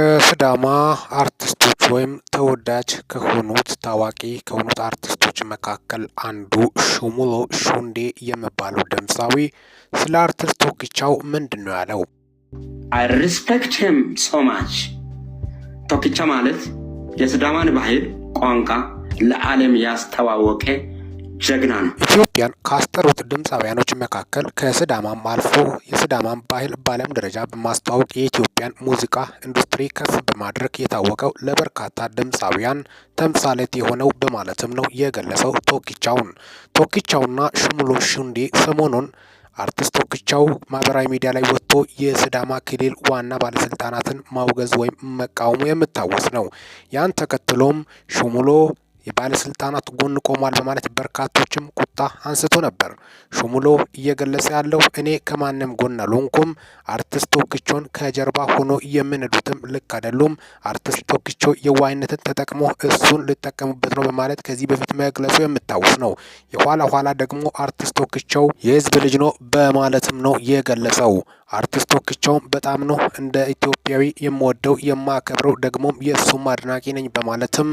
ከሲዳማ አርቲስቶች ወይም ተወዳጅ ከሆኑት ታዋቂ ከሆኑት አርቲስቶች መካከል አንዱ ሹሙሎ ሹንዴ የሚባለው ድምፃዊ ስለ አርቲስት ቶክቻው ምንድን ነው ያለው? አይ ሪስፔክት ሂም ሶ ማች። ቶኪቻ ማለት የስዳማን ባህል ቋንቋ ለዓለም ያስተዋወቀ ጀግና ነው። ኢትዮጵያን ካስጠሩት ድምፃውያኖች መካከል ከስዳማም አልፎ የስዳማም ባህል በዓለም ደረጃ በማስተዋወቅ የኢትዮጵያን ሙዚቃ ኢንዱስትሪ ከፍ በማድረግ የታወቀው ለበርካታ ድምፃውያን ተምሳሌት የሆነው በማለትም ነው የገለጸው ቶኪቻውን። ቶኪቻውና ሽሙሎ ሹንዴ ሰሞኑን አርቲስት ቶኪቻው ማህበራዊ ሚዲያ ላይ ወጥቶ የስዳማ ክልል ዋና ባለስልጣናትን ማውገዝ ወይም መቃወሙ የሚታወስ ነው። ያን ተከትሎም ሽሙሎ የባለስልጣናት ጎን ቆሟል በማለት በርካቶችም ቁጣ አንስቶ ነበር። ሹሙሎ እየገለጸ ያለው እኔ ከማንም ጎን አልሆንኩም፣ አርቲስት ቶክቾን ከጀርባ ሆኖ የምንዱትም ልክ አይደሉም፣ አርቲስት ቶክቾ የዋይነትን ተጠቅሞ እሱን ሊጠቀሙበት ነው በማለት ከዚህ በፊት መግለጹ የሚታወስ ነው። የኋላ ኋላ ደግሞ አርቲስት ቶክቾው የህዝብ ልጅ ነው በማለትም ነው የገለጸው። አርቲስት ቶክቻውም በጣም ነው እንደ ኢትዮጵያዊ የምወደው የማከብረው፣ ደግሞም የእሱም አድናቂ ነኝ በማለትም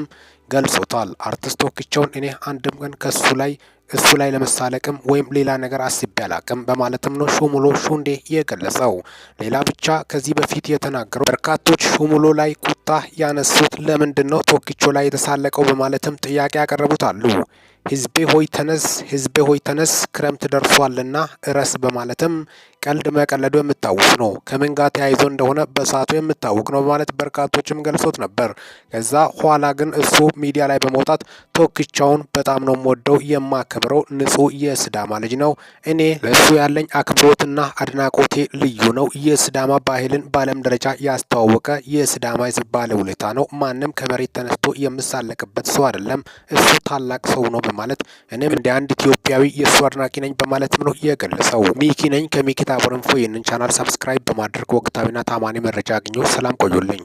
ገልጾታል። አርቲስት ቶክቻውን እኔ አንድም ቀን ከሱ ላይ እሱ ላይ ለመሳለቅም ወይም ሌላ ነገር አስቤ አላቅም በማለትም ነው ሹሙሎ ሹንዴ የገለጸው። ሌላ ብቻ ከዚህ በፊት የተናገረው በርካቶች ሹሙሎ ላይ ቁጣ ያነሱት ለምንድን ነው ቶክቾ ላይ የተሳለቀው በማለትም ጥያቄ ያቀረቡት አሉ። ህዝቤ ሆይ ተነስ፣ ህዝቤ ሆይ ተነስ፣ ክረምት ደርሷልና እረስ በማለትም ቀልድ መቀለዱ የምታወቅ ነው። ከምን ጋር ተያይዞ እንደሆነ በሰዓቱ የምታወቅ ነው በማለት በርካቶችም ገልጾት ነበር። ከዛ ኋላ ግን እሱ ሚዲያ ላይ በመውጣት ቶክቻውን በጣም ነው የምወደው የማከብረው፣ ንጹህ የስዳማ ልጅ ነው። እኔ ለእሱ ያለኝ አክብሮትና አድናቆቴ ልዩ ነው። የስዳማ ባህልን በዓለም ደረጃ ያስተዋወቀ የስዳማ ህዝብ ባለውለታ ነው። ማንም ከመሬት ተነስቶ የምሳለቅበት ሰው አይደለም። እሱ ታላቅ ሰው ነው በማለት እኔም እንደ አንድ ኢትዮጵያዊ የእሱ አድናቂ ነኝ በማለትም ነው የገለጸው። ሚኪ ነኝ ከሚኪታ ቦረንፎ። ይህንን ቻናል ሰብስክራይብ በማድረግ ወቅታዊና ታማኒ መረጃ አግኘው። ሰላም ቆዩልኝ።